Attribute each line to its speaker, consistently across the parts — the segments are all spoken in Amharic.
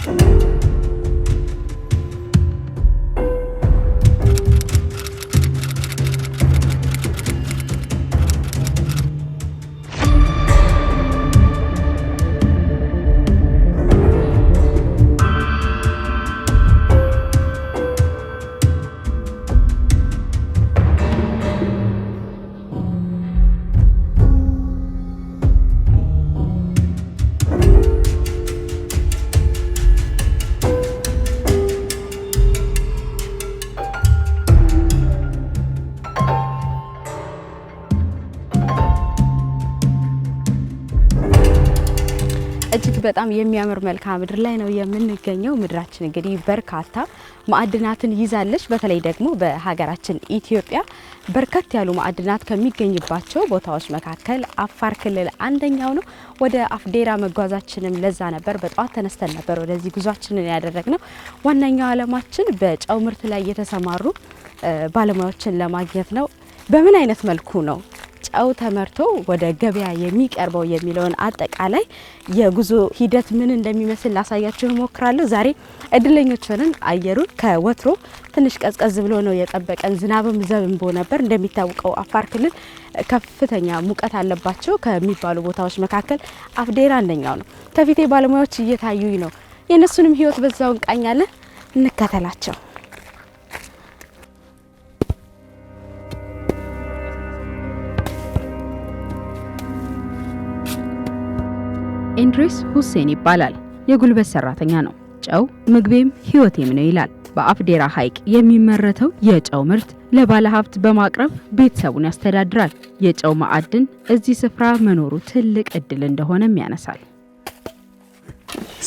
Speaker 1: Thank you. እጅግ በጣም የሚያምር መልክዓ ምድር ላይ ነው የምንገኘው። ምድራችን እንግዲህ በርካታ ማዕድናትን ይዛለች። በተለይ ደግሞ በሀገራችን ኢትዮጵያ በርከት ያሉ ማዕድናት ከሚገኝባቸው ቦታዎች መካከል አፋር ክልል አንደኛው ነው። ወደ አፍዴራ መጓዛችንም ለዛ ነበር። በጠዋት ተነስተን ነበር ወደዚህ ጉዟችንን ያደረግነው። ዋነኛው ዓላማችን በጨው ምርት ላይ የተሰማሩ ባለሙያዎችን ለማግኘት ነው። በምን አይነት መልኩ ነው ጨው ተመርቶ ወደ ገበያ የሚቀርበው የሚለውን አጠቃላይ የጉዞ ሂደት ምን እንደሚመስል ላሳያችሁ እሞክራለሁ። ዛሬ እድለኞች ሆነን አየሩን ከወትሮ ትንሽ ቀዝቀዝ ብሎ ነው የጠበቀን። ዝናብም ዘንቦ ነበር። እንደሚታወቀው አፋር ክልል ከፍተኛ ሙቀት አለባቸው ከሚባሉ ቦታዎች መካከል አፍዴራ አንደኛው ነው። ከፊቴ ባለሙያዎች እየታዩኝ ነው። የእነሱንም ህይወት በዛው እንቃኛለን። እንከተላቸው።
Speaker 2: ኢድሪስ ሁሴን ይባላል። የጉልበት ሰራተኛ ነው። ጨው ምግቤም ህይወቴም ነው ይላል። በአፍዴራ ሐይቅ የሚመረተው የጨው ምርት ለባለ ሀብት በማቅረብ ቤተሰቡን ያስተዳድራል። የጨው ማዕድን እዚህ ስፍራ መኖሩ ትልቅ እድል እንደሆነም ያነሳል።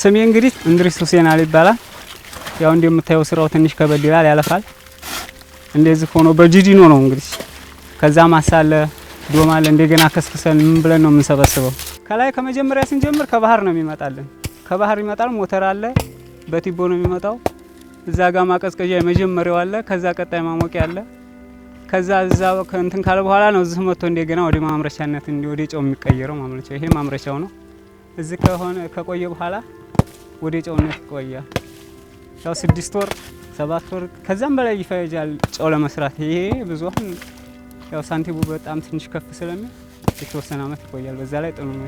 Speaker 3: ስሜ እንግዲህ እንድሪስ ሁሴናል ይባላል። ያው እንደምታየው ስራው ትንሽ ከበድ ይላል፣ ያለፋል። እንደዚህ ሆኖ በጂዲኖ ነው እንግዲህ ከዛ ማሳለ ዶማል እንደገና ከስክሰን ምን ብለን ነው የምንሰበስበው? ከላይ ከመጀመሪያ ስንጀምር ከባህር ነው የሚመጣልን። ከባህር ይመጣል። ሞተር አለ፣ በቲቦ ነው የሚመጣው። እዛ ጋር ማቀዝቀዣ የመጀመሪያው አለ። ከዛ ቀጣይ ማሞቂያ አለ። ከዛ እዛ እንትን ካለ በኋላ ነው እዚህ መጥቶ እንደገና ወደ ማምረቻነት እንዲ ወደ ጨው የሚቀየረው ማምረቻ። ይሄ ማምረቻው ነው። እዚህ ከሆነ ከቆየ በኋላ ወደ ጨውነት ይቆያል። ያው ስድስት ወር ሰባት ወር ከዛም በላይ ይፈጃል ጨው ለመስራት። ይሄ ብዙ ያው ሳንቲሙ በጣም ትንሽ ከፍ ስለሚል የተወሰነ አመት ይቆያል። በዛ ላይ ጥሩ ነው።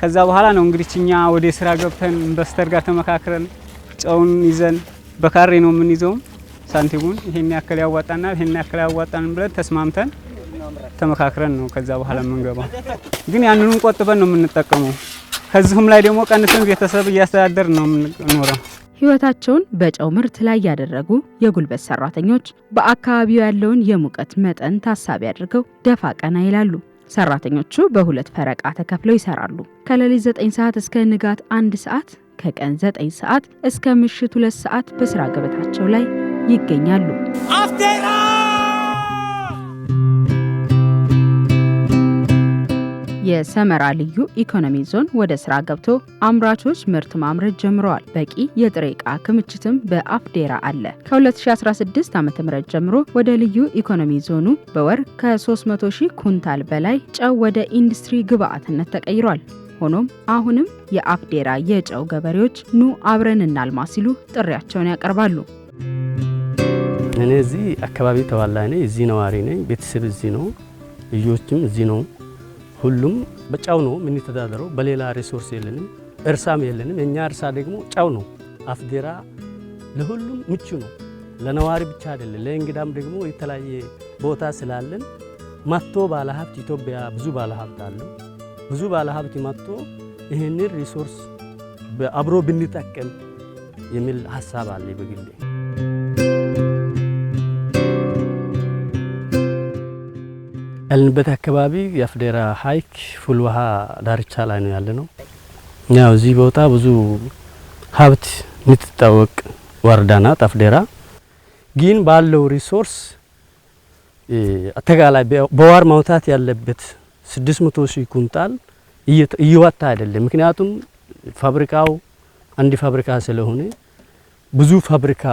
Speaker 3: ከዛ በኋላ ነው እንግዲህ እኛ ወደ ስራ ገብተን ኢንቨስተር ጋር ተመካክረን ጨውን ይዘን በካሬ ነው የምንይዘውም ሳንቲሙን ይሄን ያክል ያዋጣናል፣ ይሄን ያክል ያዋጣን ብለን ተስማምተን ተመካክረን ነው ከዛ በኋላ የምንገባው። ግን ያንኑን ቆጥበን ነው የምንጠቀመው። ከዚሁም ላይ ደግሞ ቀንስን ቤተሰብ እያስተዳደር ነው የምንኖረው።
Speaker 2: ሕይወታቸውን በጨው ምርት ላይ ያደረጉ የጉልበት ሰራተኞች በአካባቢው ያለውን የሙቀት መጠን ታሳቢ አድርገው ደፋ ቀና ይላሉ። ሰራተኞቹ በሁለት ፈረቃ ተከፍለው ይሰራሉ። ከሌሊት 9 ሰዓት እስከ ንጋት 1 ሰዓት፣ ከቀን 9 ሰዓት እስከ ምሽት 2 ሰዓት በስራ ገበታቸው ላይ ይገኛሉ። የሰመራ ልዩ ኢኮኖሚ ዞን ወደ ስራ ገብቶ አምራቾች ምርት ማምረት ጀምረዋል። በቂ የጥሬ ዕቃ ክምችትም በአፍዴራ አለ። ከ2016 ዓ ም ጀምሮ ወደ ልዩ ኢኮኖሚ ዞኑ በወር ከ300 ሺህ ኩንታል በላይ ጨው ወደ ኢንዱስትሪ ግብዓትነት ተቀይሯል። ሆኖም አሁንም የአፍዴራ የጨው ገበሬዎች ኑ አብረን እናልማ ሲሉ ጥሪያቸውን ያቀርባሉ።
Speaker 4: እኔ እዚህ አካባቢ ተዋላ ነኝ። እዚህ ነዋሪ ነኝ። ቤተሰብ እዚህ ነው። ልጆችም እዚህ ነው። ሁሉም በጨው ነው የምንተዳደረው። በሌላ ሪሶርስ የለንም፣ እርሳም የለንም። የእኛ እርሳ ደግሞ ጨው ነው። አፍዴራ ለሁሉም ምቹ ነው። ለነዋሪ ብቻ አይደለም፣ ለእንግዳም ደግሞ የተለያየ ቦታ ስላለን መጥቶ ባለሀብት ኢትዮጵያ ብዙ ባለሀብት አለው። ብዙ ባለሀብት መጥቶ ይህንን ሪሶርስ አብሮ ብንጠቀም የሚል ሀሳብ አለ በግሌ። ያለንበት አካባቢ የአፍዴራ ሀይክ ፉል ውሃ ዳርቻ ላይ ነው ያለ ነው። ያው እዚህ ቦታ ብዙ ሀብት የምትታወቅ ወረዳ ናት አፍዴራ። ግን ባለው ሪሶርስ አጠቃላይ በዋር ማውጣት ያለበት 600 ሺህ ኩንታል እየወጣ አይደለም። ምክንያቱም ፋብሪካው አንድ ፋብሪካ ስለሆነ ብዙ ፋብሪካ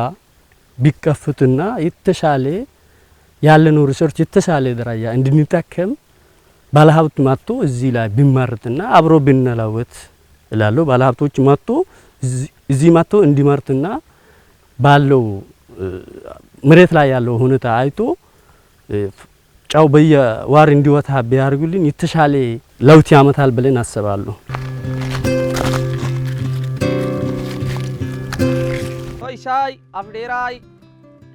Speaker 4: ቢከፍቱና የተሻለ ያለነው ሪሰርች የተሻለ ደረጃ እንድንታከም ባለሀብት መጥቶ እዚህ ላይ ቢመርትና አብሮ ቢነላወት እላለሁ። ባለሀብቶች መጥቶ እዚህ መጥቶ እንዲመርትና ባለው መሬት ላይ ያለው ሁኔታ አይቶ ጨው በየዋር እንዲወታ ቢያርጉልን የተሻለ ለውጥ ያመታል ብለን አስባለሁ።
Speaker 5: ሻይ አፍዴራይ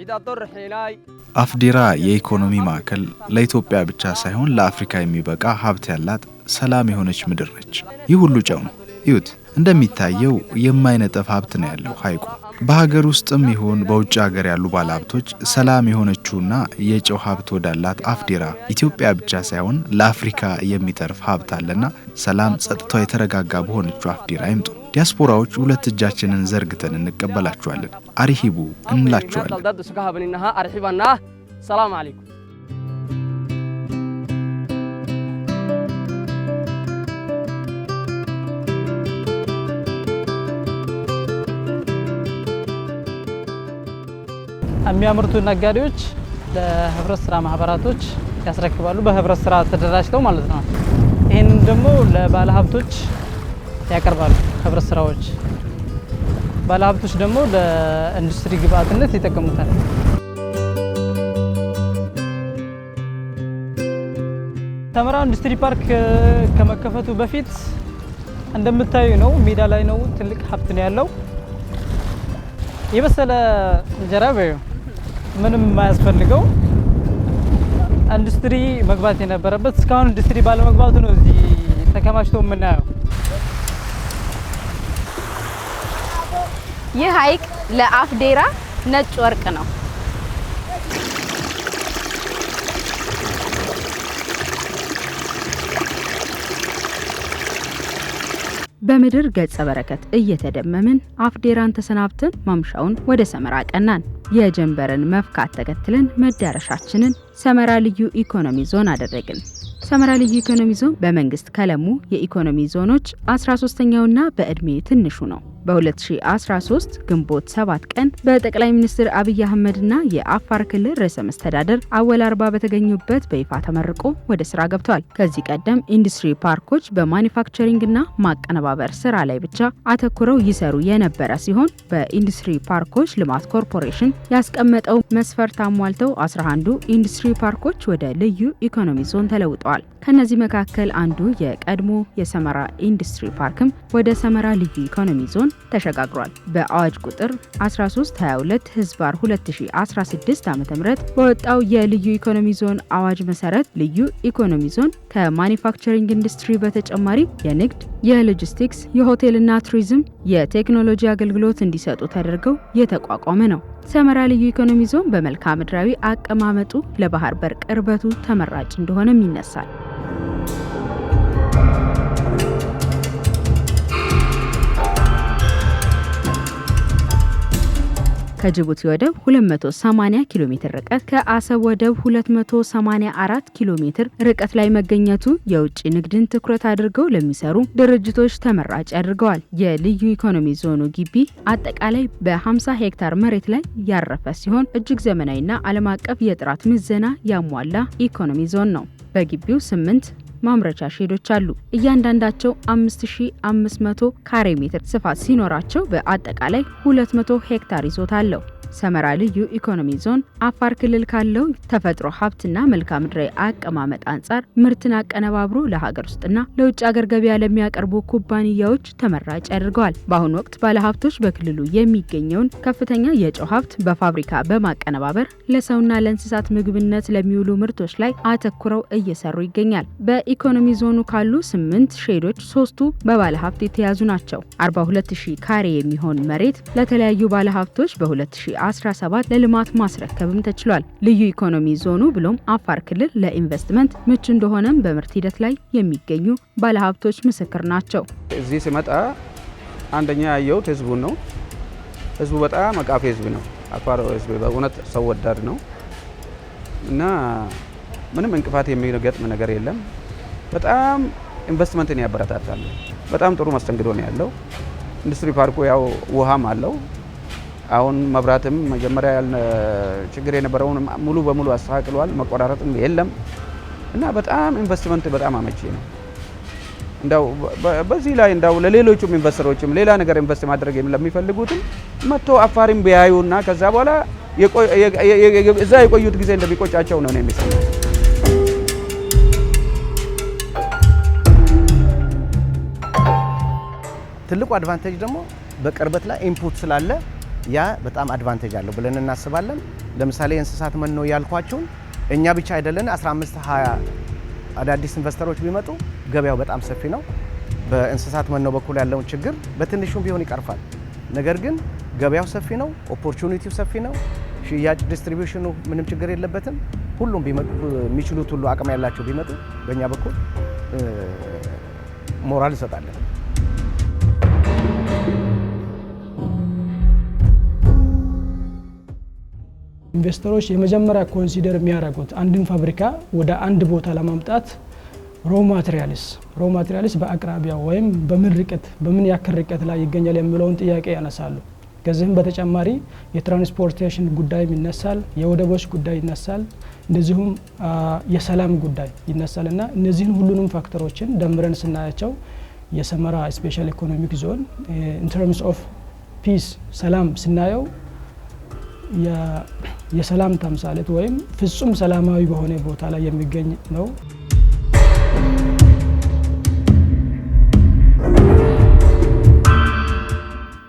Speaker 5: ዒዳቶር ሒላይ አፍዲራ የኢኮኖሚ ማዕከል ለኢትዮጵያ ብቻ ሳይሆን ለአፍሪካ የሚበቃ ሀብት ያላት ሰላም የሆነች ምድር ነች። ይህ ሁሉ ጨው ነው። ይሁት እንደሚታየው የማይነጠፍ ሀብት ነው ያለው ሐይቁ። በሀገር ውስጥም ይሁን በውጭ ሀገር ያሉ ባለሀብቶች ሰላም የሆነችውና የጨው ሀብት ወዳላት አፍዴራ ኢትዮጵያ ብቻ ሳይሆን ለአፍሪካ የሚተርፍ ሀብት አለና ሰላም ጸጥታው የተረጋጋ በሆነችው አፍዴራ ይምጡ። ዲያስፖራዎች ሁለት እጃችንን ዘርግተን እንቀበላችኋለን። አርሂቡ እንላችኋለን። ሰላም
Speaker 6: የሚያመርቱ ነጋዴዎች ለህብረት ስራ ማህበራቶች ያስረክባሉ። በህብረት ስራ ተደራጅተው ማለት ነው። ይህንን ደግሞ ለባለሀብቶች ያቀርባሉ። ህብረት ስራዎች፣ ባለሀብቶች ደግሞ ለኢንዱስትሪ ግብአትነት ይጠቀሙታል። ተመራ ኢንዱስትሪ ፓርክ ከመከፈቱ በፊት እንደምታዩ ነው፣ ሜዳ ላይ ነው። ትልቅ ሀብት ነው ያለው። የበሰለ እንጀራ ምንም የማያስፈልገው ኢንዱስትሪ መግባት የነበረበት እስካሁን ኢንዱስትሪ ባለመግባቱ ነው እዚህ ተከማችቶ የምናየው።
Speaker 7: ይህ ሀይቅ ለአፍዴራ ነጭ ወርቅ ነው።
Speaker 2: በምድር ገጸ በረከት እየተደመምን አፍዴራን ተሰናብተን ማምሻውን ወደ ሰመራ ቀናን። የጀንበርን መፍካት ተከትለን መዳረሻችንን ሰመራ ልዩ ኢኮኖሚ ዞን አደረግን። ሰመራ ልዩ ኢኮኖሚ ዞን በመንግስት ከለሙ የኢኮኖሚ ዞኖች 13ኛውና በዕድሜ ትንሹ ነው። በ2013 ግንቦት 7 ቀን በጠቅላይ ሚኒስትር አብይ አህመድና የአፋር ክልል ርዕሰ መስተዳደር አወል አርባ በተገኙበት በይፋ ተመርቆ ወደ ስራ ገብቷል። ከዚህ ቀደም ኢንዱስትሪ ፓርኮች በማኒፋክቸሪንግና ማቀነባበር ስራ ላይ ብቻ አተኩረው ይሰሩ የነበረ ሲሆን በኢንዱስትሪ ፓርኮች ልማት ኮርፖሬሽን ያስቀመጠው መስፈርት አሟልተው 11ዱ ኢንዱስትሪ ፓርኮች ወደ ልዩ ኢኮኖሚ ዞን ተለውጠዋል። ከእነዚህ መካከል አንዱ የቀድሞ የሰመራ ኢንዱስትሪ ፓርክም ወደ ሰመራ ልዩ ኢኮኖሚ ዞን ሚሊዮን ተሸጋግሯል። በአዋጅ ቁጥር 1322 ህዝባር 2016 ዓ ም በወጣው የልዩ ኢኮኖሚ ዞን አዋጅ መሰረት ልዩ ኢኮኖሚ ዞን ከማኒፋክቸሪንግ ኢንዱስትሪ በተጨማሪ የንግድ፣ የሎጂስቲክስ፣ የሆቴልና ቱሪዝም፣ የቴክኖሎጂ አገልግሎት እንዲሰጡ ተደርገው የተቋቋመ ነው። ሰመራ ልዩ ኢኮኖሚ ዞን በመልክዓ ምድራዊ አቀማመጡ ለባህር በር ቅርበቱ ተመራጭ እንደሆነም ይነሳል። ከጅቡቲ ወደብ 280 ኪሎ ሜትር ርቀት ከአሰብ ወደብ 284 ኪሎ ሜትር ርቀት ላይ መገኘቱ የውጭ ንግድን ትኩረት አድርገው ለሚሰሩ ድርጅቶች ተመራጭ አድርገዋል። የልዩ ኢኮኖሚ ዞኑ ግቢ አጠቃላይ በ50 ሄክታር መሬት ላይ ያረፈ ሲሆን እጅግ ዘመናዊና ዓለም አቀፍ የጥራት ምዘና ያሟላ ኢኮኖሚ ዞን ነው። በግቢው ስምንት ማምረቻ ሼዶች አሉ። እያንዳንዳቸው 5500 ካሬ ሜትር ስፋት ሲኖራቸው በአጠቃላይ 200 ሄክታር ይዞታ አለው። ሰመራ ልዩ ኢኮኖሚ ዞን አፋር ክልል ካለው ተፈጥሮ ሀብትና መልክዓ ምድራዊ አቀማመጥ አንጻር ምርትን አቀነባብሮ ለሀገር ውስጥና ለውጭ ሀገር ገበያ ለሚያቀርቡ ኩባንያዎች ተመራጭ ያደርገዋል። በአሁኑ ወቅት ባለሀብቶች በክልሉ የሚገኘውን ከፍተኛ የጨው ሀብት በፋብሪካ በማቀነባበር ለሰውና ለእንስሳት ምግብነት ለሚውሉ ምርቶች ላይ አተኩረው እየሰሩ ይገኛል። በኢኮኖሚ ዞኑ ካሉ ስምንት ሼዶች ሶስቱ በባለሀብት የተያዙ ናቸው። 42000 ካሬ የሚሆን መሬት ለተለያዩ ባለሀብቶች በ 2 2017 ለልማት ማስረከብም ተችሏል። ልዩ ኢኮኖሚ ዞኑ ብሎም አፋር ክልል ለኢንቨስትመንት ምቹ እንደሆነም በምርት ሂደት ላይ የሚገኙ ባለሀብቶች ምስክር ናቸው።
Speaker 8: እዚህ ሲመጣ አንደኛ ያየሁት ህዝቡን ነው። ህዝቡ በጣም አቃፊ ህዝብ ነው። አፋር ህዝብ በእውነት ሰው ወዳድ ነው እና ምንም እንቅፋት የሚገጥም ነገር የለም። በጣም ኢንቨስትመንትን ያበረታታል። በጣም ጥሩ መስተንግዶ ነው ያለው። ኢንዱስትሪ ፓርኩ ያው ውሃም አለው። አሁን መብራትም መጀመሪያ ያልነ ችግር የነበረውን ሙሉ በሙሉ አስተካክሏል። መቆራረጥም የለም እና በጣም ኢንቨስትመንት በጣም አመቺ ነው። እንደው በዚህ ላይ እንደው ለሌሎቹም ኢንቨስተሮችም ሌላ ነገር ኢንቨስት ማድረግ ለሚፈልጉትም መጥቶ አፋሪም ቢያዩና ከዛ በኋላ እዛ የቆዩት ጊዜ እንደሚቆጫቸው ነው ነው
Speaker 9: ትልቁ አድቫንቴጅ ደግሞ በቅርበት ላይ ኢንፑት ስላለ ያ በጣም አድቫንቴጅ አለው ብለን እናስባለን። ለምሳሌ የእንስሳት መኖ ያልኳችሁን እኛ ብቻ አይደለን 15 20 አዳዲስ ኢንቨስተሮች ቢመጡ ገበያው በጣም ሰፊ ነው። በእንስሳት መኖ በኩል ያለውን ችግር በትንሹም ቢሆን ይቀርፋል። ነገር ግን ገበያው ሰፊ ነው፣ ኦፖርቹኒቲው ሰፊ ነው። ሽያጭ ዲስትሪቢዩሽኑ ምንም ችግር የለበትም። ሁሉም የሚችሉት ሁሉ አቅም ያላቸው ቢመጡ በእኛ በኩል ሞራል እንሰጣለን።
Speaker 10: ኢንቨስተሮች የመጀመሪያ ኮንሲደር የሚያደርጉት አንድን ፋብሪካ ወደ አንድ ቦታ ለማምጣት ሮ ማቴሪያልስ ሮ ማቴሪያልስ በአቅራቢያ ወይም በምን ርቀት በምን ያክል ርቀት ላይ ይገኛል የሚለውን ጥያቄ ያነሳሉ። ከዚህም በተጨማሪ የትራንስፖርቴሽን ጉዳይም ይነሳል፣ የወደቦች ጉዳይ ይነሳል፣ እንደዚሁም የሰላም ጉዳይ ይነሳል እና እነዚህን ሁሉንም ፋክተሮችን ደምረን ስናያቸው የሰመራ ስፔሻል ኢኮኖሚክ ዞን ኢንተርምስ ኦፍ ፒስ ሰላም ስናየው የሰላም ተምሳሌት ወይም ፍጹም ሰላማዊ በሆነ ቦታ ላይ የሚገኝ ነው።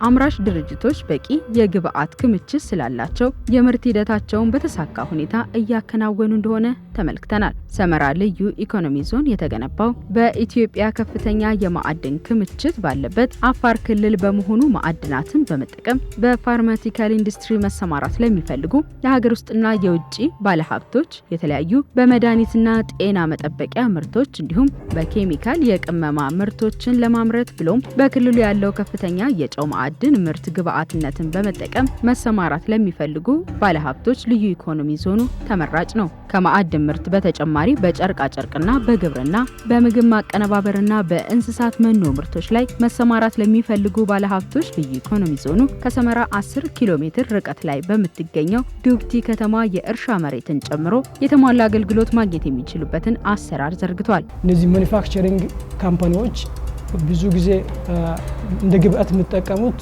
Speaker 2: አምራች ድርጅቶች በቂ የግብአት ክምችት ስላላቸው የምርት ሂደታቸውን በተሳካ ሁኔታ እያከናወኑ እንደሆነ ተመልክተናል። ሰመራ ልዩ ኢኮኖሚ ዞን የተገነባው በኢትዮጵያ ከፍተኛ የማዕድን ክምችት ባለበት አፋር ክልል በመሆኑ ማዕድናትን በመጠቀም በፋርማቲካል ኢንዱስትሪ መሰማራት ለሚፈልጉ የሀገር ውስጥና የውጭ ባለሀብቶች የተለያዩ በመድኃኒትና ጤና መጠበቂያ ምርቶች እንዲሁም በኬሚካል የቅመማ ምርቶችን ለማምረት ብሎም በክልሉ ያለው ከፍተኛ የጨው ማዕድን ምርት ግብዓትነትን በመጠቀም መሰማራት ለሚፈልጉ ባለሀብቶች ልዩ ኢኮኖሚ ዞኑ ተመራጭ ነው። ከማዕድን ምርት በተጨማሪ በጨርቃጨርቅና በግብርና በምግብ ማቀነባበርና በእንስሳት መኖ ምርቶች ላይ መሰማራት ለሚፈልጉ ባለሀብቶች ልዩ ኢኮኖሚ ዞኑ ከሰመራ 10 ኪሎ ሜትር ርቀት ላይ በምትገኘው ዱብቲ ከተማ የእርሻ መሬትን ጨምሮ የተሟላ አገልግሎት ማግኘት የሚችሉበትን አሰራር ዘርግቷል።
Speaker 11: እነዚህ ማኒፋክቸሪንግ ካምፓኒዎች ብዙ ጊዜ እንደ ግብአት የምጠቀሙት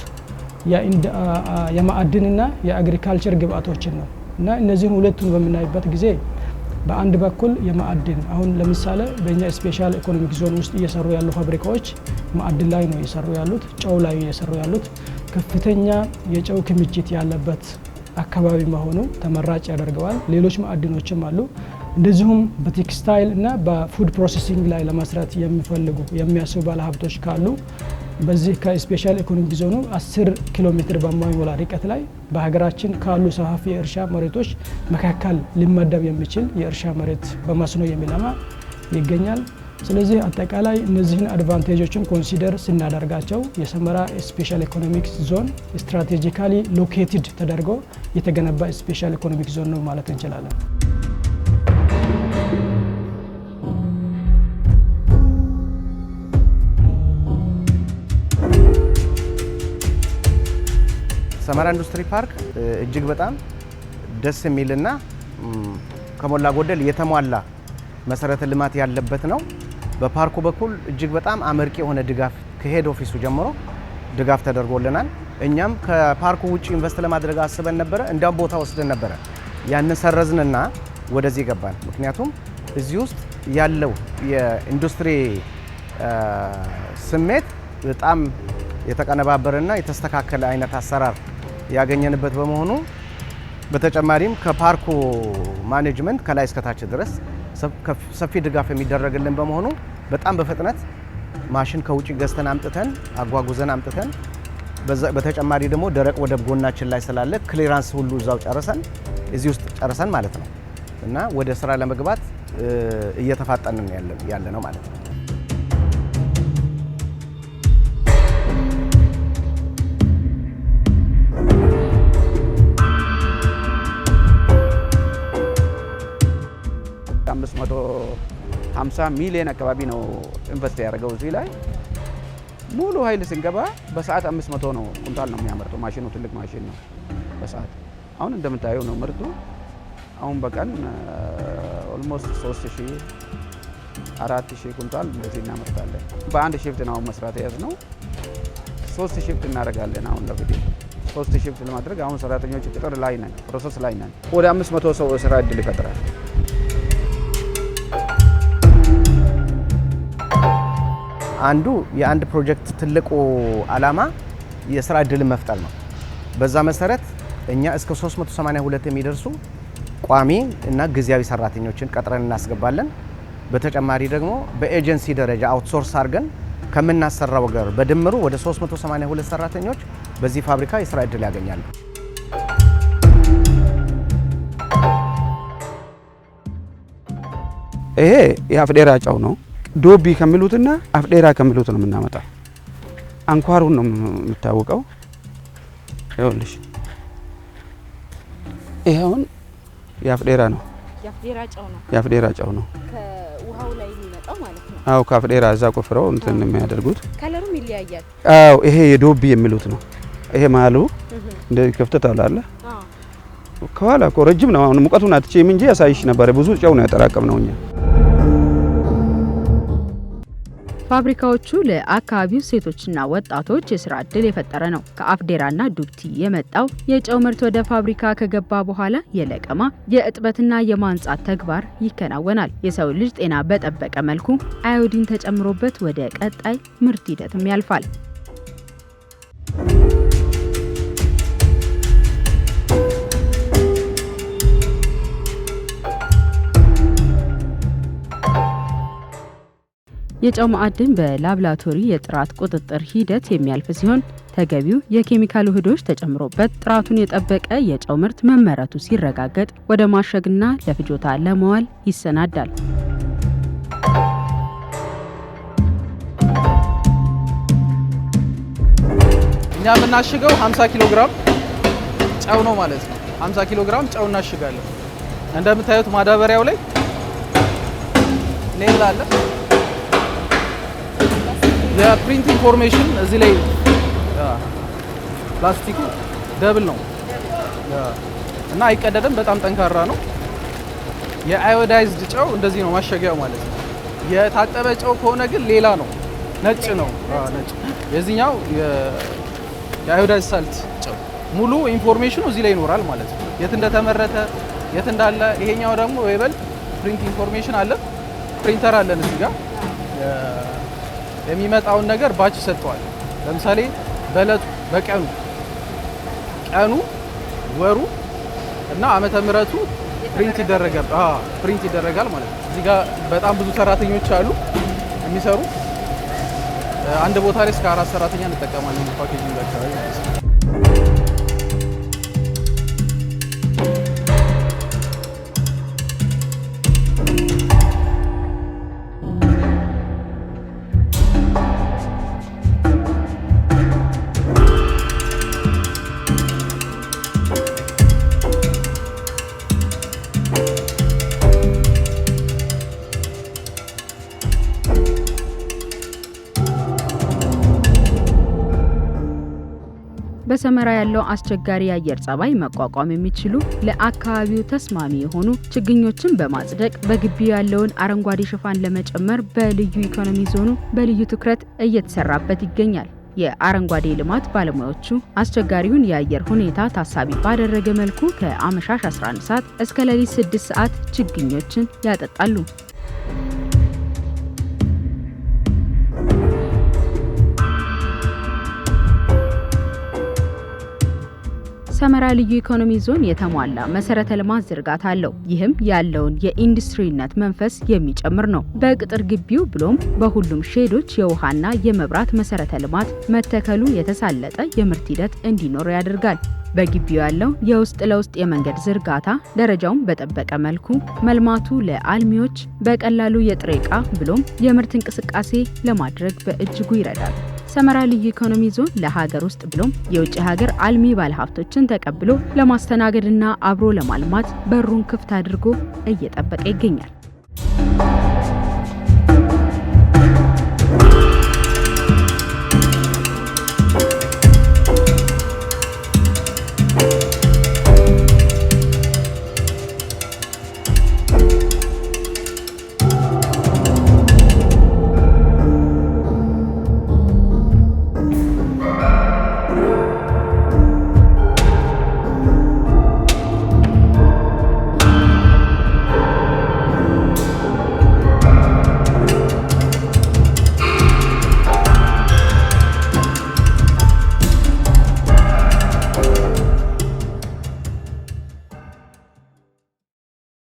Speaker 11: የማዕድንና የአግሪካልቸር ግብአቶችን ነው እና እነዚህን ሁለቱን በምናይበት ጊዜ በአንድ በኩል የማዕድን አሁን ለምሳሌ በእኛ ስፔሻል ኢኮኖሚክ ዞን ውስጥ እየሰሩ ያሉ ፋብሪካዎች ማዕድን ላይ ነው እየሰሩ ያሉት፣ ጨው ላይ እየሰሩ ያሉት ከፍተኛ የጨው ክምችት ያለበት አካባቢ መሆኑ ተመራጭ ያደርገዋል። ሌሎች ማዕድኖችም አሉ። እንደዚሁም በቴክስታይል እና በፉድ ፕሮሰሲንግ ላይ ለመስራት የሚፈልጉ የሚያስቡ ባለሀብቶች ካሉ በዚህ ከስፔሻል ኢኮኖሚክ ዞኑ 10 ኪሎ ሜትር በማይሞላ ርቀት ላይ በሀገራችን ካሉ ሰፋፊ የእርሻ መሬቶች መካከል ሊመደብ የሚችል የእርሻ መሬት በመስኖ የሚለማ ይገኛል። ስለዚህ አጠቃላይ እነዚህን አድቫንቴጆችን ኮንሲደር ስናደርጋቸው የሰመራ ስፔሻል ኢኮኖሚክ ዞን ስትራቴጂካሊ ሎኬትድ ተደርጎ የተገነባ ስፔሻል ኢኮኖሚክ ዞን ነው ማለት እንችላለን።
Speaker 12: ሰመራ ኢንዱስትሪ ፓርክ እጅግ በጣም ደስ የሚልና ከሞላ ጎደል የተሟላ መሰረተ ልማት ያለበት ነው። በፓርኩ በኩል እጅግ በጣም አመርቂ የሆነ ድጋፍ ከሄድ ኦፊሱ ጀምሮ ድጋፍ ተደርጎልናል። እኛም ከፓርኩ ውጭ ኢንቨስት ለማድረግ አስበን ነበረ፣ እንዲያውም ቦታ ወስደን ነበረ። ያን ሰረዝንና ወደዚህ ገባን። ምክንያቱም እዚህ ውስጥ ያለው የኢንዱስትሪ ስሜት በጣም የተቀነባበረና የተስተካከለ አይነት አሰራር ያገኘንበት በመሆኑ በተጨማሪም ከፓርኩ ማኔጅመንት ከላይ እስከታች ድረስ ሰፊ ድጋፍ የሚደረግልን በመሆኑ በጣም በፍጥነት ማሽን ከውጭ ገዝተን አምጥተን አጓጉዘን አምጥተን በተጨማሪ ደግሞ ደረቅ ወደብ ጎናችን ላይ ስላለ ክሊራንስ ሁሉ እዛው ጨርሰን እዚህ ውስጥ ጨርሰን ማለት ነው እና ወደ ስራ ለመግባት እየተፋጠንን ያለ ነው ማለት ነው። 550 ሚሊዮን አካባቢ ነው ኢንቨስት ያደርገው እዚህ ላይ ሙሉ ኃይል ስንገባ በሰዓት 500 ነው ኩንታል ነው የሚያመርተው ማሽኑ። ትልቅ ማሽን ነው በሰዓት አሁን እንደምታየው ነው ምርቱ። አሁን በቀን ኦልሞስት 3000 4000 ኩንታል እንደዚህ እናመርታለን። በአንድ ሺፍት ነው መስራት የያዝ ነው። ሶስት ሺፍት እናደርጋለን አሁን ለቪዲዮ ሶስት ሺፍት ለማድረግ አሁን ሰራተኞች ቅጥር ላይ ነን፣ ፕሮሰስ ላይ ነን። ወደ 500 ሰው ስራ እድል ይፈጥራል። አንዱ የአንድ ፕሮጀክት ትልቁ ዓላማ የስራ እድል መፍጠር ነው። በዛ መሰረት እኛ እስከ 382 የሚደርሱ ቋሚ እና ጊዜያዊ ሰራተኞችን ቀጥረን እናስገባለን። በተጨማሪ ደግሞ በኤጀንሲ ደረጃ አውትሶርስ አድርገን ከምናሰራው ጋር በድምሩ ወደ 382 ሰራተኞች በዚህ ፋብሪካ የስራ እድል ያገኛሉ።
Speaker 13: ይሄ የአፍዴራ ጨው ነው። ዶቢ ከሚሉትና አፍዴራ ከሚሉት ነው የምናመጣው። አንኳሩን ነው የምታወቀው። ይኸውልሽ ይኸውን የአፍዴራ ነው
Speaker 14: የአፍዴራ ጨው ነው።
Speaker 13: አዎ ከአፍዴራ እዛ ቆፍረው እንትን የሚያደርጉት
Speaker 14: ከለሩም ይለያያል።
Speaker 13: አዎ ይሄ የዶቢ የሚሉት ነው። ይሄ መሀሉ እንደዚህ ክፍተት አላለ ከኋላ እኮ ረጅም ነው። አሁን ሙቀቱን አትቼም እንጂ ያሳይሽ ነበረ። ብዙ ጨው ነው ያጠራቀም ነው እኛ
Speaker 2: ፋብሪካዎቹ ለአካባቢው ሴቶችና ወጣቶች የስራ ዕድል የፈጠረ ነው። ከአፍዴራና ዱብቲ የመጣው የጨው ምርት ወደ ፋብሪካ ከገባ በኋላ የለቀማ የእጥበትና የማንጻት ተግባር ይከናወናል። የሰው ልጅ ጤና በጠበቀ መልኩ አዮዲን ተጨምሮበት ወደ ቀጣይ ምርት ሂደትም ያልፋል። የጨው ማዕድን በላብራቶሪ የጥራት ቁጥጥር ሂደት የሚያልፍ ሲሆን ተገቢው የኬሚካል ውህዶች ተጨምሮበት ጥራቱን የጠበቀ የጨው ምርት መመረቱ ሲረጋገጥ ወደ ማሸግና ለፍጆታ ለመዋል ይሰናዳል።
Speaker 15: እኛ የምናሽገው 50 ኪሎ ግራም ጨው ነው ማለት ነው። 50 ኪሎ ግራም ጨው እናሽጋለን። እንደምታዩት ማዳበሪያው ላይ ኔል አለ። የፕሪንት ኢንፎርሜሽን እዚህ ላይ ፕላስቲኩ ደብል ነው እና አይቀደድም። በጣም ጠንካራ ነው። የአዮዳይዝድ ጨው እንደዚህ ነው ማሸጊያው ማለት ነው። የታጠበ ጨው ከሆነ ግን ሌላ ነው፣ ነጭ ነው። ነጭ የዚህኛው የአዮዳይዝ ሳልት ጨው ሙሉ ኢንፎርሜሽኑ እዚህ ላይ ይኖራል ማለት ነው፣ የት እንደተመረተ የት እንዳለ። ይሄኛው ደግሞ ወይበል ፕሪንት ኢንፎርሜሽን አለ። ፕሪንተር አለን እዚህ ጋር የሚመጣውን ነገር ባች ሰጥቷል። ለምሳሌ በእለቱ በቀኑ ቀኑ፣ ወሩ እና አመተ ምህረቱ ፕሪንት ይደረጋል። አ ፕሪንት ይደረጋል ማለት ነው። እዚህ ጋር በጣም ብዙ ሰራተኞች አሉ የሚሰሩ አንድ ቦታ ላይ እስከ አራት ሰራተኛ እንጠቀማለን ፓኬጅ አካባቢ ማለት ነው።
Speaker 2: በሰመራ ያለው አስቸጋሪ የአየር ጸባይ መቋቋም የሚችሉ ለአካባቢው ተስማሚ የሆኑ ችግኞችን በማጽደቅ በግቢው ያለውን አረንጓዴ ሽፋን ለመጨመር በልዩ ኢኮኖሚ ዞኑ በልዩ ትኩረት እየተሰራበት ይገኛል። የአረንጓዴ ልማት ባለሙያዎቹ አስቸጋሪውን የአየር ሁኔታ ታሳቢ ባደረገ መልኩ ከአመሻሽ 11 ሰዓት እስከ ሌሊት 6 ሰዓት ችግኞችን ያጠጣሉ። ሰመራ ልዩ ኢኮኖሚ ዞን የተሟላ መሰረተ ልማት ዝርጋታ አለው። ይህም ያለውን የኢንዱስትሪነት መንፈስ የሚጨምር ነው። በቅጥር ግቢው ብሎም በሁሉም ሼዶች የውሃና የመብራት መሰረተ ልማት መተከሉ የተሳለጠ የምርት ሂደት እንዲኖር ያደርጋል። በግቢው ያለው የውስጥ ለውስጥ የመንገድ ዝርጋታ ደረጃውን በጠበቀ መልኩ መልማቱ ለአልሚዎች በቀላሉ የጥሬ ዕቃ ብሎም የምርት እንቅስቃሴ ለማድረግ በእጅጉ ይረዳል። ሰመራ ልዩ ኢኮኖሚ ዞን ለሀገር ውስጥ ብሎም የውጭ ሀገር አልሚ ባለሀብቶችን ተቀብሎ ለማስተናገድና አብሮ ለማልማት በሩን ክፍት አድርጎ እየጠበቀ ይገኛል።